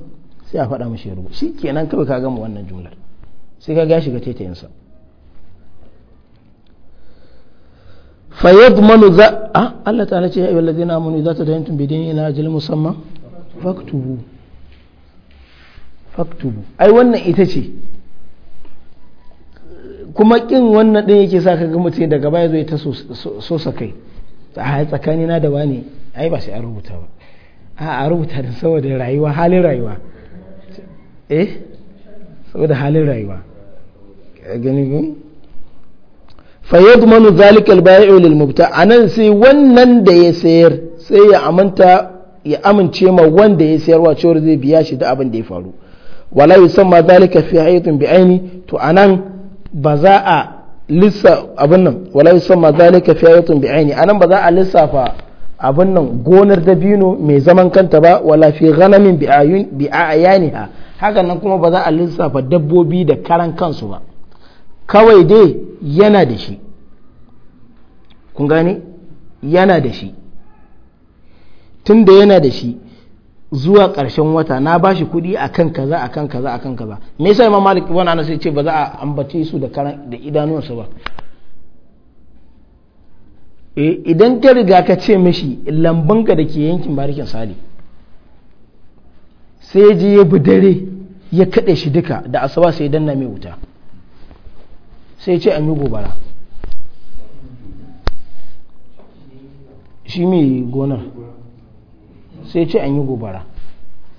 sai a faɗa mashi rubutu shi kenan kawai ka gama wannan jumlar sai ka ga shiga taitayinsa فيضمن ذا ce ya yi يا أيها الذين آمنوا ta تدينتم بدين إلى أجل musamman? faktubu faktubu ai wannan ita ce kuma kin wannan din yake sa ka ga mutum daga baya zai ta sosa kai a tsakani na da wani ai ba sai a rubuta ba a a rubuta da saboda rayuwa halin rayuwa eh saboda halin rayuwa gani gun fayyadmanu zalika albayi'u lil mubta anan sai wannan da ya sayar sai ya amanta ya amince ma wanda ya sayarwa cewar zai biya shi da abin da ya faru wala yusamma dalika fi hayatun bi aini to anan ba za a lissa abin nan wala yusamma dalika fi hayatun bi aini anan ba za a lissafa abin nan gonar dabino mai zaman kanta ba wala fi ghanamin bi ayun bi ayaniha haka nan kuma ba za a lissafa dabbobi da karan kansu ba kawai dai yana da shi kun gane yana da shi tun da yana da shi zuwa ƙarshen wata na ba shi kuɗi a kan kaza a kan kaza a kan kaza me yasa imam malik wani ana sai ce ba za a ambace su da karan da ba eh, idan ka riga ka ce mishi lambanka da ke yankin barikin sali sai je ya bi dare ya kaɗe shi duka da asaba sai danna mai wuta sai ce an yi gobara shi mai gonar sai ce an yi gobara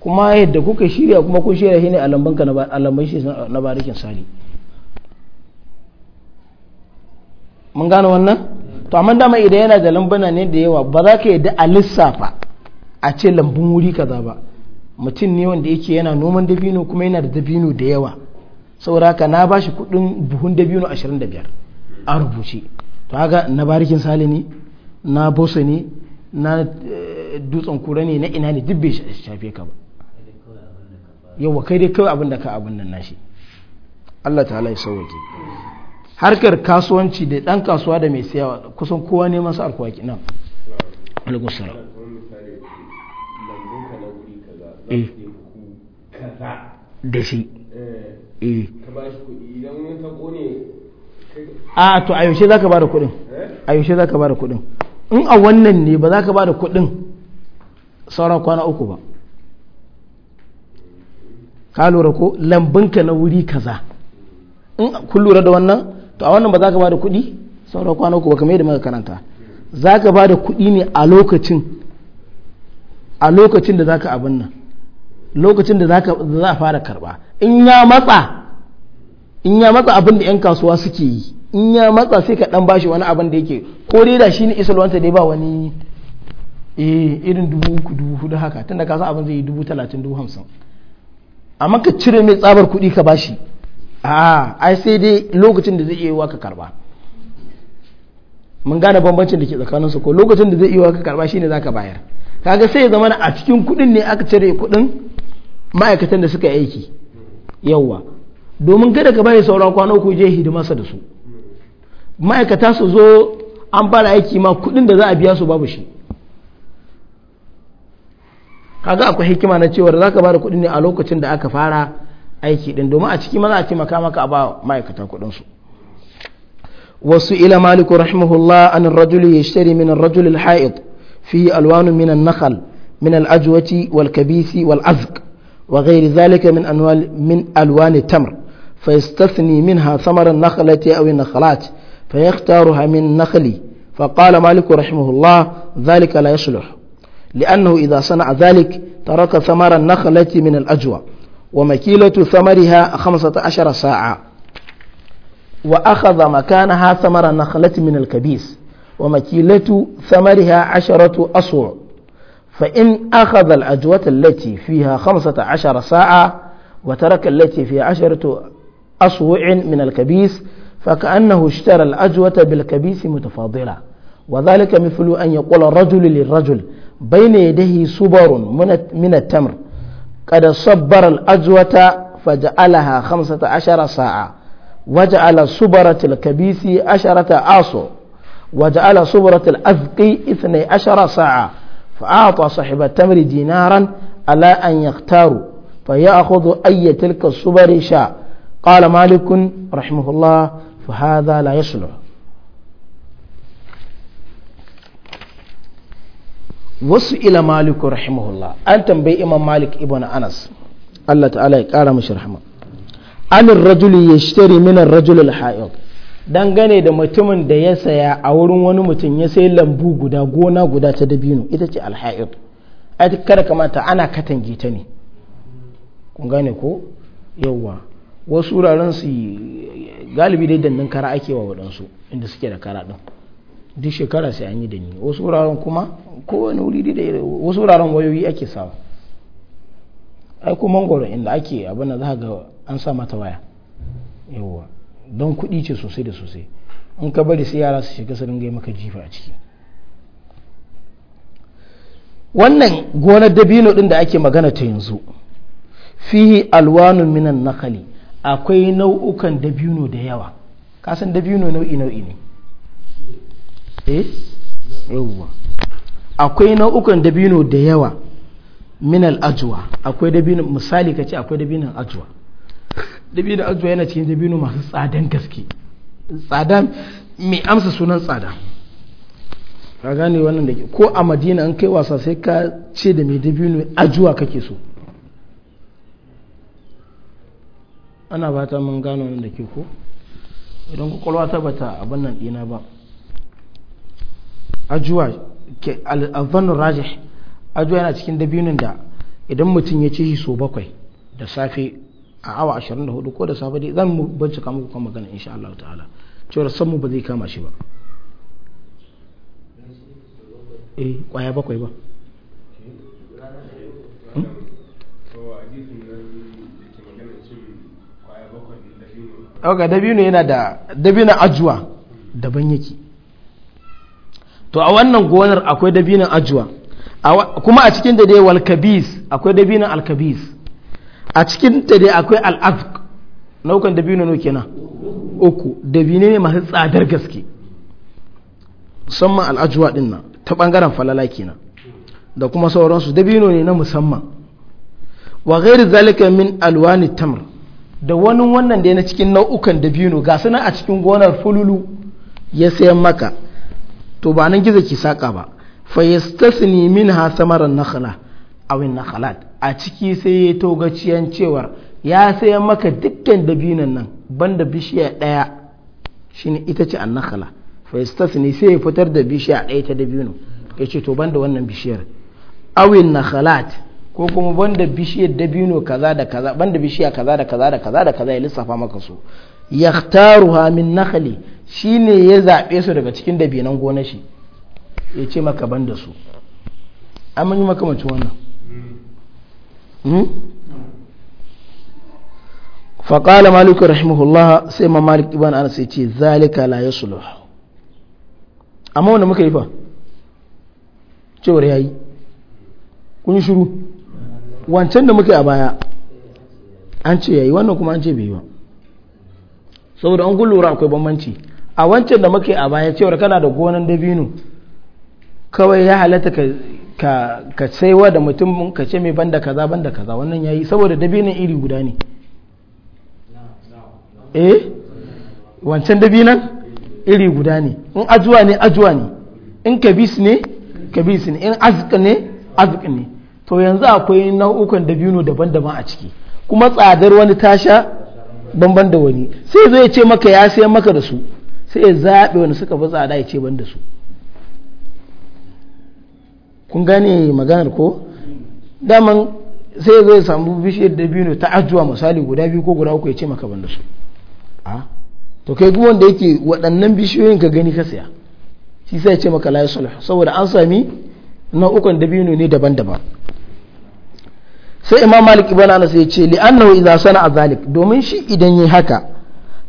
kuma yadda kuka shirya kuma kun shirya shi ne a lambanka na barikin sali mun gano wannan to amma dama idan yana da na ne da yawa ba za ka yadda a lissafa a ce lambun wuri kaza ba mutum ne wanda yake yana noman dabino kuma yana da dabino da yawa saboda haka na bashi kudin buhun dabino 25 a rubuce to haka na barikin sali ne na bosa ne na eh, dutsen kura ne na ina ne duk bai shafe ka ba yawa kai dai kawai abin da ka abin nan nashi Allah ta'ala ya sauwaki. harkar kasuwanci da dan kasuwa da mai sayawa kusan kowa ne masu alkwaki nan alaikum salam eh. da shi eh. Eh. a to a yaushe zaka bada kuɗin a yaushe ba da kuɗin in a wannan ne ba za ka ba da kuɗin sauran kwana uku ba ka lura ko lambinka na wuri kaza in kun lura da wannan to a wannan ba za ka ba da kuɗi sauran kwana uku ba kamar yadda muka karanta za ka ba da kuɗi ne a lokacin a lokacin da za ka abin nan lokacin da za a fara karba in ya matsa in ya matsa abin da 'yan kasuwa suke yi in ya matsa sai ka dan bashi wani abin da yake ko dai da shi ne isalwanta dai ba wani e irin dubu uku dubu hudu haka tunda ka san abin zai yi dubu talatin dubu hamsin amma ka cire mai tsabar kuɗi ka bashi a ah, ai sai dai lokacin da zai iya yiwa ka karba mun gane bambancin da ke tsakanin su ko lokacin da zai iya yiwa ka karba shine zaka bayar kaga sai ya zama a cikin kuɗin ne aka cire kuɗin ma'aikatan da suka aiki yawwa domin kada ka bayar sauran kwana uku je hidimarsa da su ma'aikata su zo an fara aiki ma kuɗin da za a biya su babu shi kaga akwai hikima na cewar zaka bada kuɗi ne a lokacin da aka fara aiki ɗin domin a ciki maza a taimaka maka a ba ma'aikata kuɗin su wasu ila maliku rahimahullah an rajuli yashtari min ar-rajul al-ha'id fi alwanu min an-nakhl min al-ajwati wal-kabisi wal-azq wa ghayr dhalika min anwal min alwan tamr فيستثني منها ثمر النخلة أو النخلات فيختارها من النخل فقال مالك رحمه الله ذلك لا يصلح لأنه إذا صنع ذلك ترك ثمر النخلة من الأجوى ومكيلة ثمرها خمسة عشر ساعة وأخذ مكانها ثمر النخلة من الكبيس ومكيلة ثمرها عشرة أصوع فإن أخذ الأجوة التي فيها خمسة عشر ساعة وترك التي فيها عشرة أصوع من الكبيس فكأنه اشترى الأجوة بالكبيس متفاضلة وذلك مثل أن يقول الرجل للرجل baina yadahi subarun min tamr qad sabbara al-ajwata faj'alaha 15 sa'a waj'ala subaratil kabisi 10 aso waj'ala subaratil azqi 12 sa'a فأعطى صاحب التمر دينارا على أن يختار فيأخذ أي تلك الصبر شاء قال مالك رحمه الله فهذا لا يصلح wasu ila maliku rahimahullah an tambayi imam malik ibn anas Allah ta'ala ya kara mishi rahama an rajuli yashtari min ar-rajul al dangane da mutumin da ya saya a wurin wani mutum ya sayi lambu guda gona guda ta dabino ita ce al-ha'iq ai kada kamata ana katange ta ne kun gane ko yawwa wasu wuraren su galibi dai dandan kara ake wa waɗansu inda suke da kara din duk shekara sai an yi da ni wasu wuraren kuma kowane wuri da wasu wuraren wayoyi ake samu ai ko mangoro inda ake abin da za ga an sa mata waya yawa don kuɗi ce sosai da sosai in ka bari sai yara su shiga su gai maka jifa a ciki wannan gonar dabino din da ake magana ta yanzu fihi alwanun minan nakali akwai nau'ukan dabino da yawa kasan dabino nau'i nau'i ne eh akwai nau'ukan dabino da yawa min ajuwa akwai dabino misali ka ce akwai dabinon ajuwa dabino ajuwa yana cikin dabino masu tsadan gaske tsada mai amsa sunan tsada ka gane wannan da ko a madina an kai wasa sai ka ce da mai dabino ajuwa kake so ana ba ta mun gano wannan da ke ko idan kwakwalwa ta bata abin nan dina ba ajuwa ke alfanun rajih ajuwa yana cikin dabinin da idan mutum ya ci shi so bakwai da safe a awa 24 ko da safe dai zan mu bincika muku kan magana insha Allah ta'ala cewar san mu ba zai kama shi ba eh kwaya bakwai ba Auka hmm? dabino yana da dabino ajuwa daban yake to a wannan gonar akwai dabinin ajuwa kuma a cikin da dai wal akwai dabinin alkabis a cikin da dai akwai al nau'ukan naukan dabino ne kenan uku dabine ne masu tsadar gaske musamman al'ajuwa din nan ta bangaren falala kenan da kuma sauransu dabino ne na musamman wa gairi zalika min alwani tamr da wani wannan da na cikin nau'ukan dabino ga suna a cikin gonar fululu ya sayan maka to ba nan gizo ke saka ba fa yastasni minha samaran nakhla aw nakhlat a ciki sai ya togaciyan cewar ya sayan maka dukkan dabinan nan banda bishiya daya shine ita ce annakhla fa yastasni sai ya fitar da bishiya daya ta dabino yace to banda wannan bishiyar aw nakhlat ko kuma banda bishiyar dabino kaza da kaza banda bishiya kaza da kaza da kaza da kaza ya lissafa maka su yaktaruha min nakhli shi ne ya zaɓe su daga cikin dabinan gonar shi ya ce maka ban da su an yi makamacin wannan hmm? faƙala maliku rahimahullah sai ma malik ibn ana sai ce zalika la yasluh amma wanda muka yi fa cewar ya yi kun shiru wancan da muka yi a baya an ce ya yi wannan kuma an ce bai yi ba saboda an kun lura akwai bambanci a wancan da muke a baya cewar kana da gonan dabino kawai ya halatta ka ka saiwa da mutum ka ce mai banda kaza banda kaza wannan yayi saboda dabinin iri guda ne eh wancan dabinan iri guda ne in ajuwa ne ajuwa ne in kabis ne kabis ne in azq ne azq ne to yanzu akwai nau'ukan dabino daban-daban a ciki kuma tsadar wani tasha banban da wani sai zai ce maka ya sayan maka da su sai ya zaɓe wani suka fi tsada ya ce ban da su kun gane maganar ko daman sai zai samu bishiyar dabino ta ajuwa misali guda biyu ko guda uku ya ce maka ban da su a to kai kuma wanda yake waɗannan bishiyoyin ka gani ka saya shi sai ya ce maka layi sulh saboda an sami nau'ukan dabino ne daban-daban sai imam malik ibn anas ya ce li'annahu idza sana'a zalik domin shi idan yi haka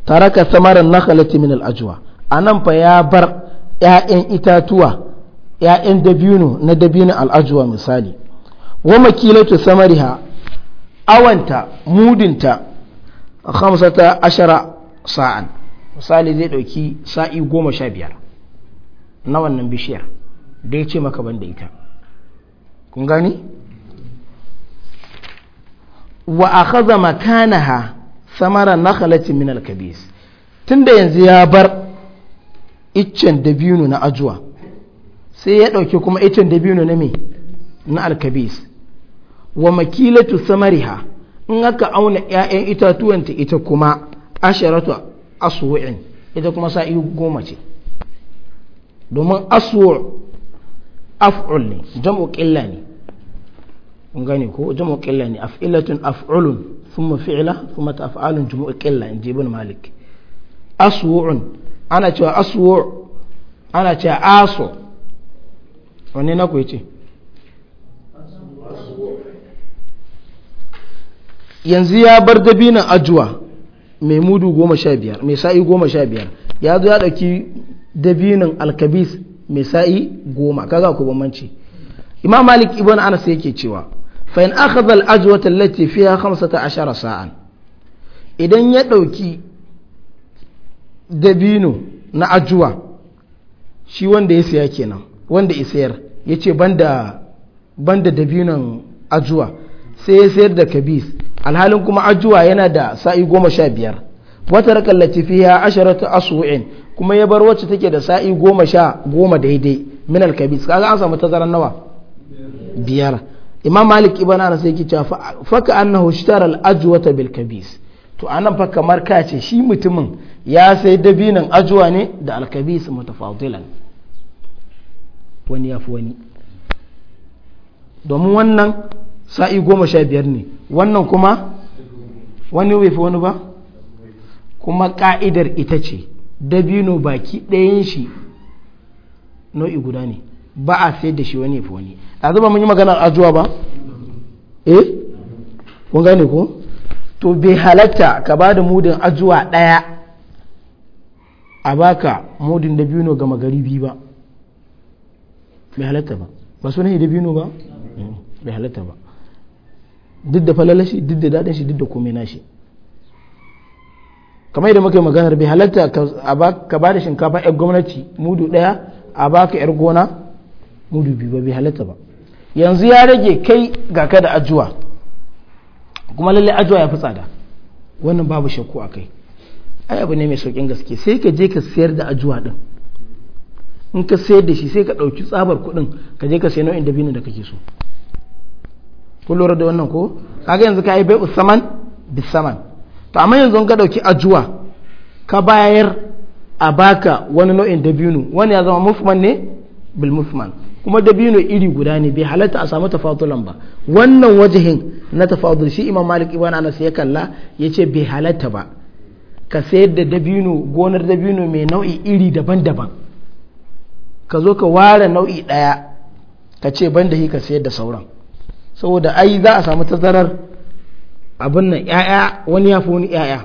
taraka samarar nakhalati min al a nan fa ya bar ‘ya'yan itatuwa ‘ya'yan dabino na dabino al'ajuwa misali wa makilatu samariha awanta mudinta hamsata ashara sa'an misali zai ɗauki sa'i goma sha biyar na wannan bishiyar da ya ce maka ban da ita kun gani wa akhadha makanaha samara halacci min alkabis tunda yanzu ya bar iccen dabino na ajuwa sai ya dauke kuma iccen dabino na me na alkabis wa makilatu samariha in aka auna ƴaƴan itatuwanta ita kuma asharatu aswu'in ita kuma sa'i goma ce domin aswu af'ul ne jam'u qilla ne kun gane ko jam'u qilla ne af'ilatun af'ulun ثم فعلة ثم أفعال جموع قلة إن جيبون مالك أسوع أنا تشوى أسوع أنا تشوى آسو wani na ku yace yanzu ya bar dabinan ajuwa mai mudu goma sha biyar mai sa'i goma sha biyar ya zo ya ɗauki dabinan alkabis mai sa'i goma kaga ku bambanci imam malik ibn anas yake cewa fa'in akhadha al-ajwa allati ta ashara sa'an idan ya ɗauki dabino na ajuwa shi wanda ya siya kenan wanda ya sayar ya ce ban da dabinon ajuwa sai ya sayar da kabis alhalin kuma ajuwa yana da sa'i goma sha biyar wata lati fiya ta asu'in kuma ya bar wacce take da sa'i goma sha goma daidai minal kabis kaga an samu tazaran nawa biyar imam malik ibn anas yake cewa fa ka annahu ishtara al ajwata bil kabis to anan fa kamar ka ce shi mutumin ya sai dabinin ajwa ne da al kabis mutafadilan wani yafi wani domin wannan sa'i goma sha biyar ne wannan kuma wani bai fi wani ba kuma ka'idar ita ce dabino baki ɗayan shi nau'i guda ne ba a sayar da shi wani fi wani a zuba mun yi magana ajuwa ba eh kun gane ko to bai halatta ka ba da mudin ajuwa ɗaya a baka mudin da biyu ga magaribi biyu ba bai halatta ba ba sunan da biyu ba bai halatta ba duk da falalashi duk da daɗin shi duk da komai nashi kamar yadda muka yi maganar bai halatta ka ba da shinkafa 'yar gwamnati mudu ɗaya a baka 'yar gona mudu biyu ba bai halatta ba yanzu ya rage kai ga ka da ajuwa kuma lalle ajuwa ya fi tsada wannan babu shakku a kai ai abu ne mai saukin gaske sai ka je ka sayar da ajuwa din in ka sayar da shi sai ka ɗauki tsabar kuɗin ka je ka sayi nau'in dabino da kake so ku lura da wannan ko kaga yanzu ka yi bai usaman saman to amma yanzu ka ɗauki ajuwa ka bayar a baka wani nau'in dabino wani ya zama mufman ne bil mufman kuma dabino iri guda ne bai halatta a samu tafadulan ba wannan wajihin na tafadul shi imam malik ibn anas ya kalla ya ce bai halatta ba ka sayar da dabino gonar dabino mai nau'i iri daban-daban ka zo ka ware nau'i ɗaya ka ce ban da shi ka sayar da sauran saboda ai za a samu tazarar abin nan ya'ya wani ya fi wani ya'ya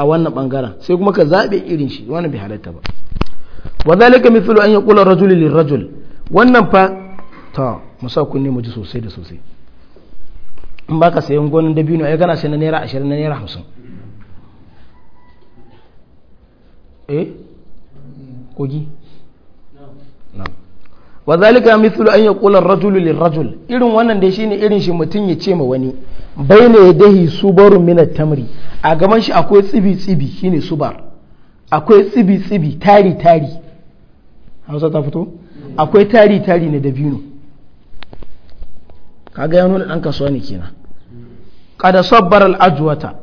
a wannan bangaren sai kuma ka zaɓe irin shi wannan bai halatta ba wa zalika mithlu an yaqula rajulun rajul. wannan fa ta musa kunne mu ji sosai da sosai in baka sayan gonin dabino ai gana sai na naira ashirin na naira hamsin eh kogi wa zalika mithlu an yaqula ar-rajulu lir-rajul irin wannan dai shine irin shi mutun ya ce ma wani baina yadahi subarun min at-tamri a gaban shi akwai tsibi tsibi shine subar akwai tsibi tsibi tari tari Hausa ta fito akwai tari tari na dabino kaga ya nuna ɗan kasuwa ne kenan kada sabbar al'ajuwata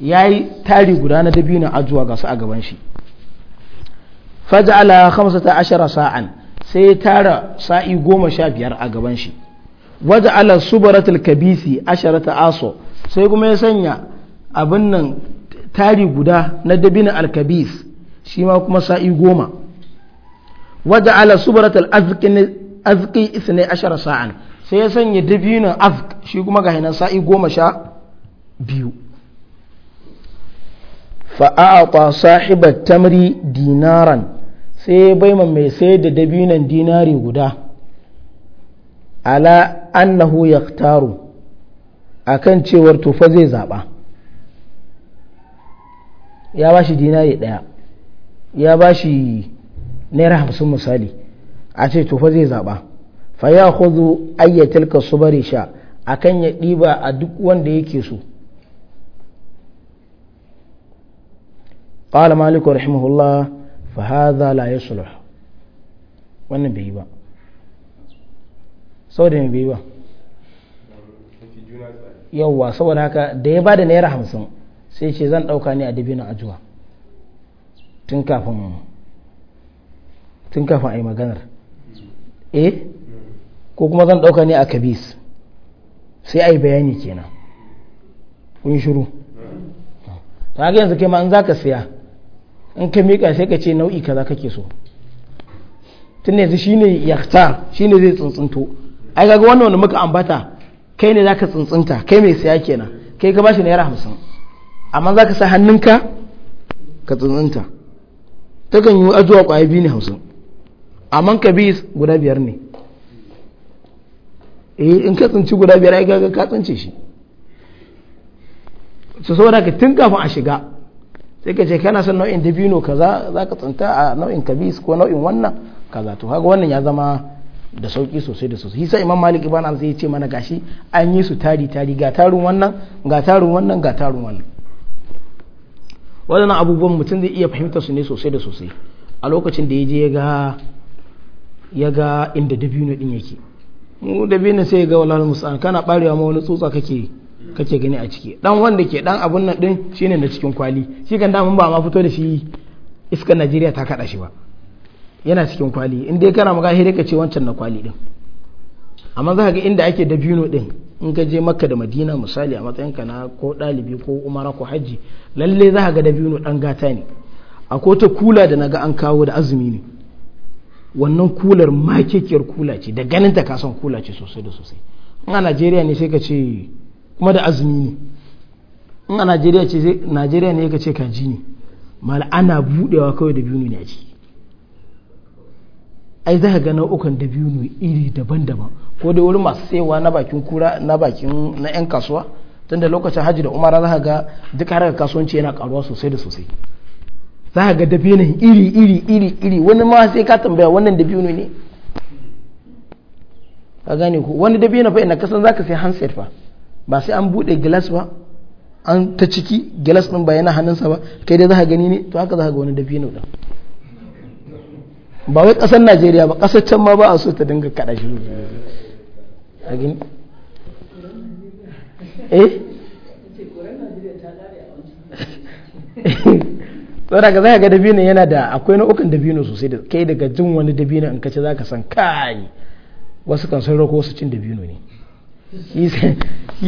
ya yi tari guda na dabino ajuwa ga su a gaban shi faja'ala khamsata ashara sa'an sai ya tara sa'i goma sha biyar a gaban shi waja'ala subaratul kabisi asharata aso sai kuma ya sanya abin nan tari guda na dabino alkabis shi ma kuma sa'i goma waje ala subaratul azki isne ashara sa'an sai ya sanya dabinon azk shi kuma ga hinan sa'i goma sha biyu fa'a'ata sahibar tamri dinaran sai ya baima mai sai da dabinon dinari guda ala annahu yaktaru akan cewar tufa zai zaɓa ya ba shi dinari ɗaya ya ba shi naira hamsin misali a ce tofa zai zaɓa fa ya hudu ayyatilka su bari sha a kan ya ɗiba a duk wanda yake so قال مالك رحمه الله فهذا لا يصلح wannan bai yi ba saboda mai bai yi ba yawwa saboda haka da ya bada naira hamsin sai ce zan ɗauka ne a dabino ajuwa tun kafin tun kafin a yi maganar eh ko kuma zan ɗauka ne a kabis sai a yi bayani kenan kun shiru ta ga yanzu kai ma in za ka siya in ka miƙa sai ka ce nau'i kaza kake so tun yanzu shi ne ta shi ne zai tsuntsunto ai ga wannan wanda muka ambata kai ne za ka tsuntsunta kai mai siya kenan kai ka bashi naira hamsin amma za ka sa hannunka ka tsuntsunta takan yi ajuwa ƙwaye biyu ne hamsin amma kabis guda biyar ne eh in ka tsinci guda biyar ai ga ka tsince shi su saboda ka tun kafin a shiga sai ka ce kana son nau'in dabino kaza za ka tsinta a nau'in kabis ko nau'in wannan kaza to kaga wannan ya zama da sauki sosai da sosai hisa imam malik ibn anas ya ce mana gashi an yi su tari tari ga tarun wannan ga tarun wannan ga tarun wannan wannan abubuwan mutum zai iya fahimtar su ne sosai da sosai a lokacin da ya je ya ga ya ga inda dabino din yake mu dabino sai ya ga wallahi musan kana barewa ma wani tsutsa kake kake gani a ciki dan wanda ke dan abun nan din shine na cikin kwali shi kan da mun ba ma fito da shi iskar Najeriya ta kada shi ba yana cikin kwali in dai kana maga hire ka ce wancan na kwali din amma za ka ga inda ake dabino din in ka je makka da madina misali a matsayin ka na ko dalibi ko umara ko hajji lalle za ka ga dabino dan gata ne a ta kula da naga an kawo da azumi ne wannan kular makekiyar kula ce da ganin ta kasan kula ce sosai da sosai in a najeriya ne sai ka ce kuma da azumi ne in a najeriya ce najeriya ne ka ce kaji ne mal ana budewa kawai da biyu ne a ciki ai za ka ga nau'ukan da biyu ne iri daban-daban ko da wurin masu tsayawa na bakin kura na bakin na 'yan kasuwa tunda lokacin hajji da umara za ka ga duk harkar kasuwanci yana karuwa sosai da sosai za ga dabinin iri iri iri iri wani ma sai ka tambaya wannan dabino ne ka gane ko wani dabino fa ina kasan za ka sai handset fa ba sai an bude glass ba an ta ciki glass ɗin ba yana hannunsa ba kai dai za ka gani ne to haka za ka ga wani dabino ɗin ba wai kasan najeriya ba kasar can ma ba a so ta dinga kaɗa shi eh <laughs> to daga zaka ga dabino yana da akwai nau'ukan dabino sosai da kai daga jin wani dabino in kace zaka san kai wasu kan san rako su cin dabino ne shi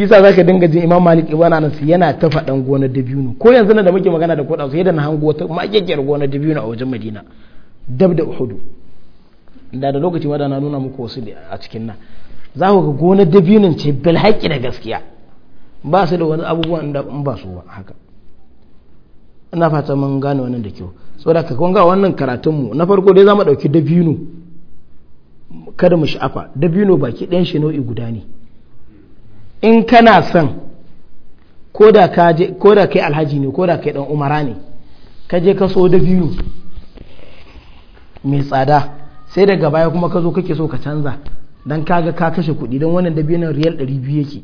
za zaka dinga jin Imam Malik ibn Anas yana ta faɗan gona dabino ko yanzu nan da muke magana da kodan su yadda na hango wata makekiyar gona dabino a wajen Madina dab da uhudu da da lokaci ma na nuna muku wasu a cikin nan za ku ga gonar dabinin ce bilhaki da gaskiya ba su da wani abubuwan da ba su ba haka ina fata mun gane wannan da kyau saboda ka kun ga wannan karatun mu na farko dai zamu dauki dabino kada mu sha'afa dabino baki ɗayan shi nau'i guda ne in kana son ko da kai alhaji ne ko kai dan umara ne ka je ka so dabino mai tsada sai daga baya kuma ka zo kake so ka canza don kaga ka kashe kuɗi dan wannan dabinon riyal 200 yake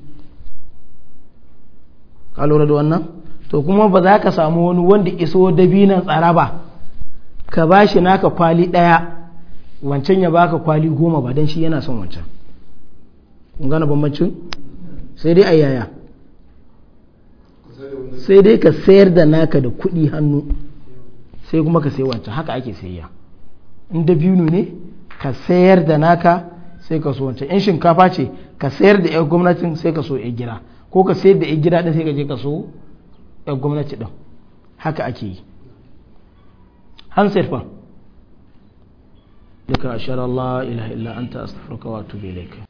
ka lura da wannan to kuma ba za ka samu wani wanda iso dabinan tsara ba ka ba shi naka kwali ɗaya wancan ya baka kwali goma ba don shi yana son wancan kun gane bambancin sai dai a yaya sai dai ka sayar da naka da kuɗi hannu sai kuma ka sai wancan haka ake sayya in dabino ne ka sayar da naka sai ka so wancan in shinkafa ce ka sayar da 'yan gwamnatin sai ka so 'yan gida ko ka sayar da 'yan gida ɗin sai ka je ka so yan gwamnati ɗin haka ake yi hansar fa duka ashirar Allah ila illa anta astaghfiruka wa atubu ilayka